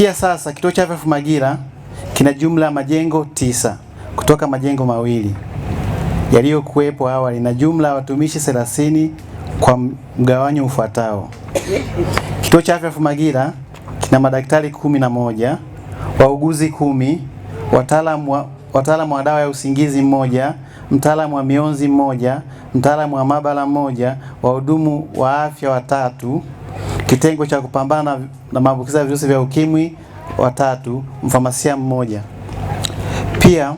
Kufikia sasa kituo cha afya Fumagira kina jumla ya majengo tisa kutoka majengo mawili yaliyokuwepo awali na jumla ya watumishi 30 kwa mgawanyo ufuatao. Kituo cha afya Fumagira kina madaktari kumi na moja, wauguzi kumi, wataalamu wa wataalamu wa dawa ya usingizi mmoja, mtaalamu wa mionzi mmoja, mtaalamu wa maabara mmoja, wahudumu wa afya watatu Kitengo cha kupambana na maambukizi ya virusi vya ukimwi watatu, mfamasia mmoja. Pia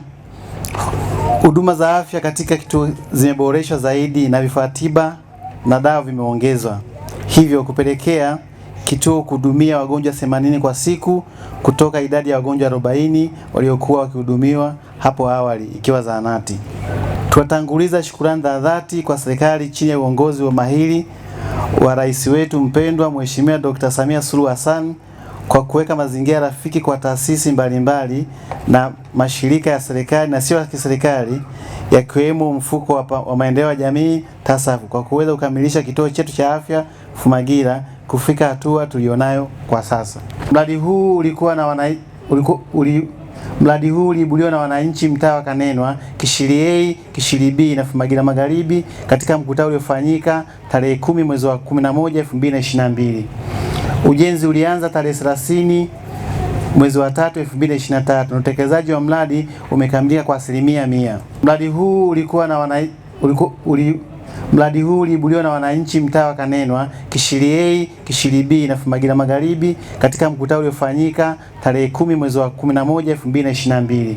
huduma za afya katika kituo zimeboreshwa zaidi na vifaa tiba na dawa vimeongezwa, hivyo kupelekea kituo kuhudumia wagonjwa 80 kwa siku kutoka idadi ya wagonjwa 40 waliokuwa wakihudumiwa hapo awali ikiwa zahanati. Tunatanguliza shukrani za dhati kwa serikali chini ya uongozi wa mahiri wa rais wetu mpendwa Mheshimiwa Dr. Samia Suluhu Hassan kwa kuweka mazingira rafiki kwa taasisi mbalimbali na mashirika ya serikali na sio ya kiserikali yakiwemo mfuko wa, wa maendeleo ya jamii TASAFU kwa kuweza kukamilisha kituo chetu cha afya Fumagira kufika hatua tulionayo kwa sasa. Mradi huu ulikuwa na wana, uliku, uli, Mradi huu uliibuliwa na wananchi mtaa wa Kanenwa, Kishili A, B na Fumagila Magharibi katika mkutano uliofanyika tarehe kumi mwezi wa 11 2022. Ujenzi ulianza tarehe 30 mwezi wa 3 2023 na utekelezaji wa mradi umekamilika kwa asilimia mia. Mradi huu ulikuwa na wana, uliku, uli, Mradi huu uliibuliwa na wananchi mtaa wa Kanenwa, Kishili A, B na Fumagila Magharibi katika mkutano uliofanyika tarehe kumi mwezi wa 11 2022.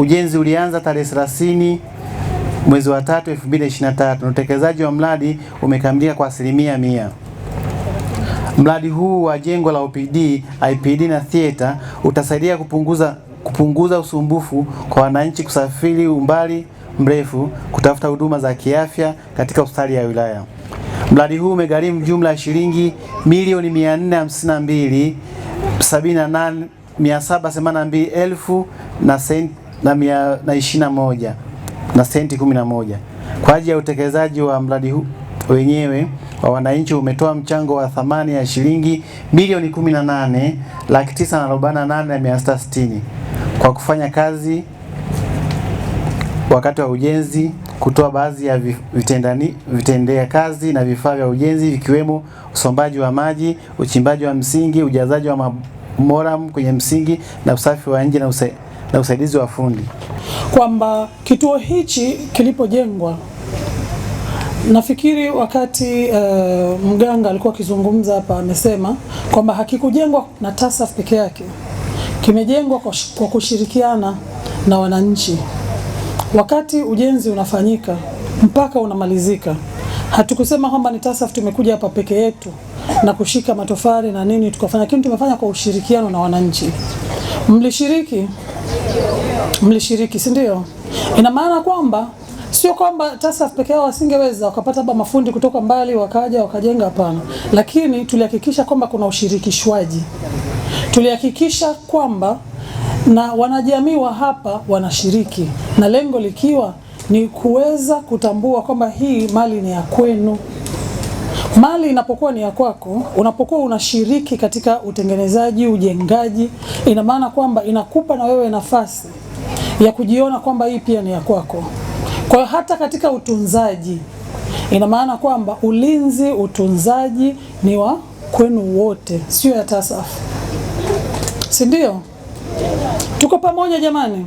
Ujenzi ulianza tarehe 30 mwezi wa 3 2023 na utekelezaji wa mradi umekamilika kwa asilimia mia. Mradi huu wa jengo la OPD, IPD na theater utasaidia kupunguza, kupunguza usumbufu kwa wananchi kusafiri umbali mrefu kutafuta huduma za kiafya katika hospitali ya wilaya. Mradi huu umegharimu jumla ya shilingi milioni 452 78 na senti na mia na ishirini na moja na senti kumi na moja kwa ajili ya utekelezaji wa mradi huu wenyewe wa wananchi umetoa mchango wa thamani ya shilingi milioni 18 laki tisa na arobaini na nane na mia sita sitini kwa kufanya kazi wakati wa ujenzi kutoa baadhi ya vitendani, vitendea kazi na vifaa vya ujenzi vikiwemo usombaji wa maji, uchimbaji wa msingi, ujazaji wa mamoram kwenye msingi na usafi wa nje na, usa, na usaidizi wa fundi. Kwamba kituo hichi kilipojengwa nafikiri wakati uh, mganga alikuwa akizungumza hapa amesema kwamba hakikujengwa na TASAF peke yake, kimejengwa kwa kushirikiana na wananchi. Wakati ujenzi unafanyika mpaka unamalizika, hatukusema kwamba ni TASAF tumekuja hapa peke yetu na kushika matofali na nini tukafanya, lakini tumefanya kwa ushirikiano na wananchi. Mlishiriki, mlishiriki, si ndio? Ina maana kwamba sio kwamba TASAF peke yao wasingeweza wakapata haba mafundi kutoka mbali wakaja wakajenga, hapana, lakini tulihakikisha kwamba kuna ushirikishwaji, tulihakikisha kwamba na wanajamii wa hapa wanashiriki, na lengo likiwa ni kuweza kutambua kwamba hii mali ni ya kwenu. Mali inapokuwa ni ya kwako, unapokuwa unashiriki katika utengenezaji, ujengaji, ina maana kwamba inakupa na wewe nafasi ya kujiona kwamba hii pia ni ya kwako. Kwa hiyo hata katika utunzaji, ina maana kwamba ulinzi, utunzaji ni wa kwenu wote, sio ya TASAF, si ndio? Tuko pamoja jamani.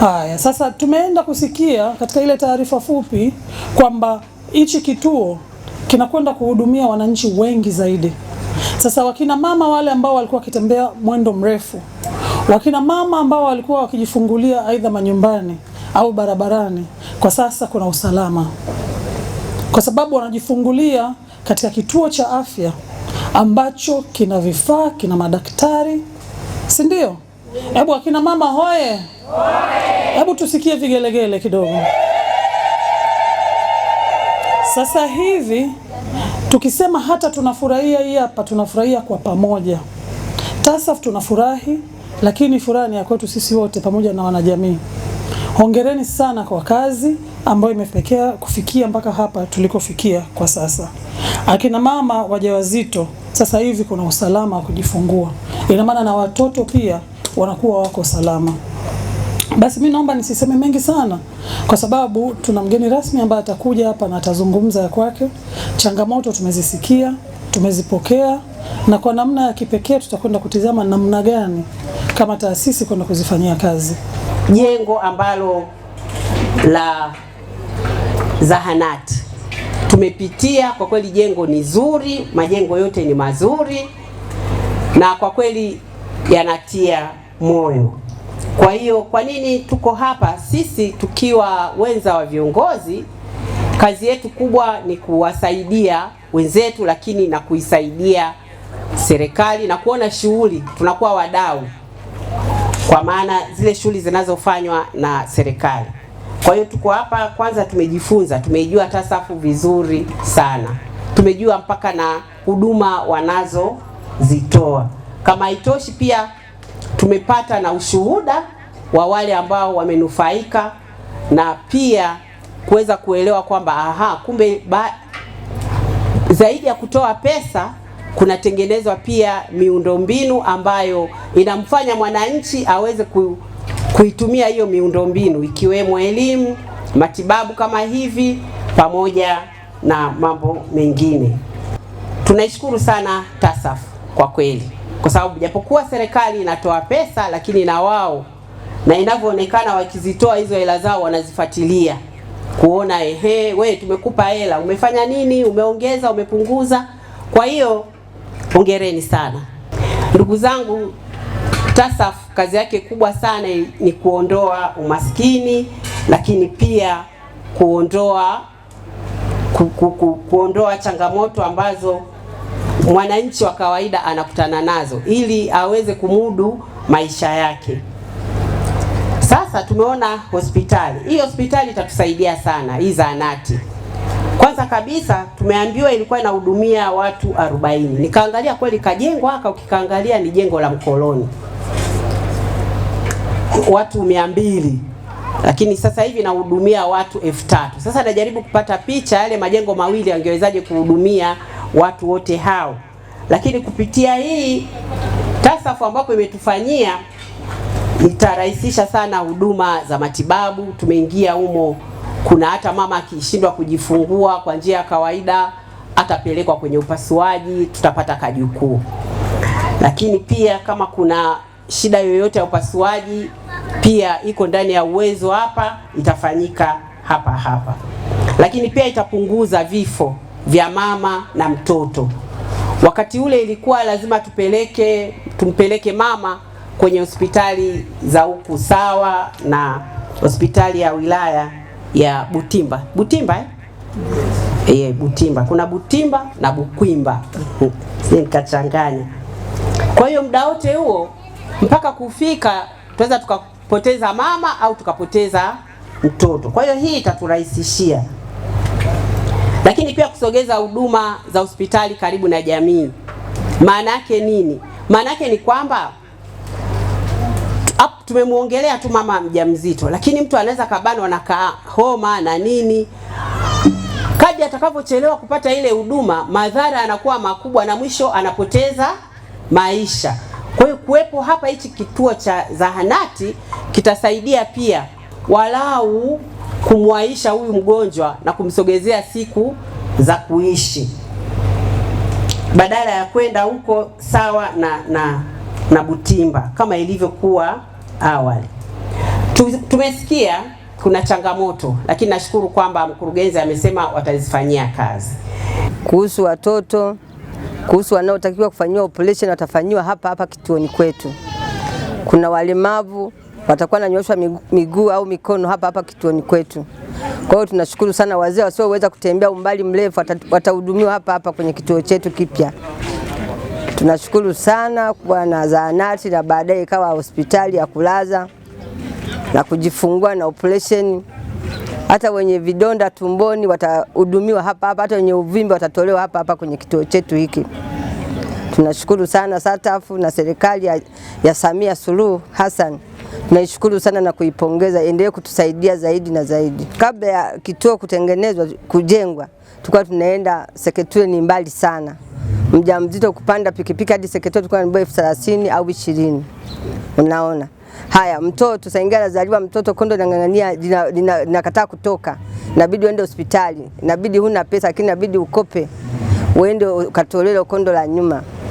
Haya, sasa tumeenda kusikia katika ile taarifa fupi kwamba hichi kituo kinakwenda kuhudumia wananchi wengi zaidi. Sasa wakina mama wale ambao walikuwa wakitembea mwendo mrefu, wakina mama ambao walikuwa wakijifungulia aidha manyumbani au barabarani, kwa sasa kuna usalama, kwa sababu wanajifungulia katika kituo cha afya ambacho kina vifaa, kina madaktari, si ndio? Hebu akina mama hoye! Hebu tusikie vigelegele kidogo. Sasa hivi tukisema hata tunafurahia hii hapa, tunafurahia kwa pamoja. TASAF tunafurahi, lakini furaha ni ya kwetu sisi wote pamoja na wanajamii. Hongereni sana kwa kazi ambayo imepekea kufikia mpaka hapa tulikofikia kwa sasa. Akina mama wajawazito, sasa hivi kuna usalama wa kujifungua, ina maana na watoto pia wanakuwa wako salama. Basi mimi naomba nisiseme mengi sana, kwa sababu tuna mgeni rasmi ambaye atakuja hapa na atazungumza ya kwake. Changamoto tumezisikia, tumezipokea na kwa namna ya kipekee tutakwenda kutizama namna gani kama taasisi kwenda kuzifanyia kazi jengo ambalo la zahanati tumepitia. Kwa kweli jengo ni zuri, majengo yote ni mazuri na kwa kweli yanatia moyo. Kwa hiyo kwa nini tuko hapa sisi tukiwa wenza wa viongozi? Kazi yetu kubwa ni kuwasaidia wenzetu, lakini na kuisaidia serikali na kuona shughuli, tunakuwa wadau kwa maana zile shughuli zinazofanywa na serikali. Kwa hiyo tuko hapa, kwanza tumejifunza, tumeijua TASAF vizuri sana, tumejua mpaka na huduma wanazozitoa. Kama haitoshi pia tumepata na ushuhuda wa wale ambao wamenufaika na pia kuweza kuelewa kwamba aha, kumbe ba, zaidi ya kutoa pesa kunatengenezwa pia miundombinu ambayo inamfanya mwananchi aweze ku, kuitumia hiyo miundombinu ikiwemo elimu, matibabu kama hivi pamoja na mambo mengine. Tunaishukuru sana TASAF kwa kweli kwa sababu japokuwa serikali inatoa pesa, lakini na wao na inavyoonekana wakizitoa hizo hela zao wanazifuatilia kuona ehe, we tumekupa hela, umefanya nini? Umeongeza, umepunguza? Kwa hiyo hongereni sana ndugu zangu. TASAF kazi yake kubwa sana ni kuondoa umaskini, lakini pia kuondoa ku, ku, ku, kuondoa changamoto ambazo mwananchi wa kawaida anakutana nazo ili aweze kumudu maisha yake. Sasa tumeona hospitali hii, hospitali itatusaidia sana hii zahanati. Kwanza kabisa tumeambiwa ilikuwa inahudumia watu 40. Nikaangalia kweli kajengwa haka, ukikaangalia ni jengo la mkoloni, watu 200 lakini sasa hivi nahudumia watu elfu tatu. Sasa najaribu kupata picha, yale majengo mawili yangewezaje kuhudumia watu wote hao, lakini kupitia hii TASAF ambapo imetufanyia itarahisisha sana huduma za matibabu. Tumeingia humo, kuna hata mama akishindwa kujifungua kwa njia ya kawaida atapelekwa kwenye upasuaji, tutapata kajukuu. Lakini pia kama kuna shida yoyote ya upasuaji pia iko ndani ya uwezo hapa, itafanyika hapa hapa, lakini pia itapunguza vifo vya mama na mtoto. Wakati ule ilikuwa lazima tupeleke tumpeleke mama kwenye hospitali za huku sawa na hospitali ya wilaya ya Butimba. Butimba eh? E, Butimba kuna Butimba na Bukwimba nikachanganya. Kwa hiyo muda wote huo mpaka kufika tunaweza tukapoteza mama au tukapoteza mtoto. Kwa hiyo hii itaturahisishia lakini pia kusogeza huduma za hospitali karibu na jamii. Maana yake nini? Maana yake ni kwamba tumemwongelea tu mama mjamzito, lakini mtu anaweza kabanwa na homa na nini. kadi atakapochelewa kupata ile huduma, madhara yanakuwa makubwa na mwisho anapoteza maisha. Kwa hiyo kuwepo hapa hichi kituo cha zahanati kitasaidia pia walau kumwaisha huyu mgonjwa na kumsogezea siku za kuishi badala ya kwenda huko sawa na, na, na Butimba kama ilivyokuwa awali. Tumesikia kuna changamoto, lakini nashukuru kwamba mkurugenzi amesema watazifanyia kazi. Kuhusu watoto, kuhusu wanaotakiwa kufanyiwa operation watafanyiwa hapa hapa kituoni kwetu. Kuna walemavu watakuwa nanyoshwa miguu au mikono hapa hapa kituoni kwetu. Kwa hiyo tunashukuru sana, wazee wasioweza kutembea umbali mrefu watahudumiwa hapa hapa kwenye kituo chetu kipya. Tunashukuru sana kuwa na zahanati na baadaye ikawa hospitali ya kulaza na kujifungua na operation. Hata wenye vidonda tumboni watahudumiwa hapa hapa, hata wenye uvimbe watatolewa hapa hapa kwenye kituo chetu hiki. Tunashukuru sana SATAF na serikali ya, ya Samia Suluhu Hassan. Naishukuru sana na kuipongeza, endelee kutusaidia zaidi na zaidi. Kabla ya kituo kutengenezwa kujengwa, tulikuwa tunaenda Seketure, ni mbali sana, mjamzito kupanda pikipiki hadi Seketure tulikuwa ni elfu thelathini au ishirini. Unaona haya, mtoto saingia anazaliwa mtoto kondo nang'ang'ania linakataa kutoka, nabidi uende hospitali, nabidi huna pesa, lakini nabidi ukope uende ukatolele kondo la nyuma.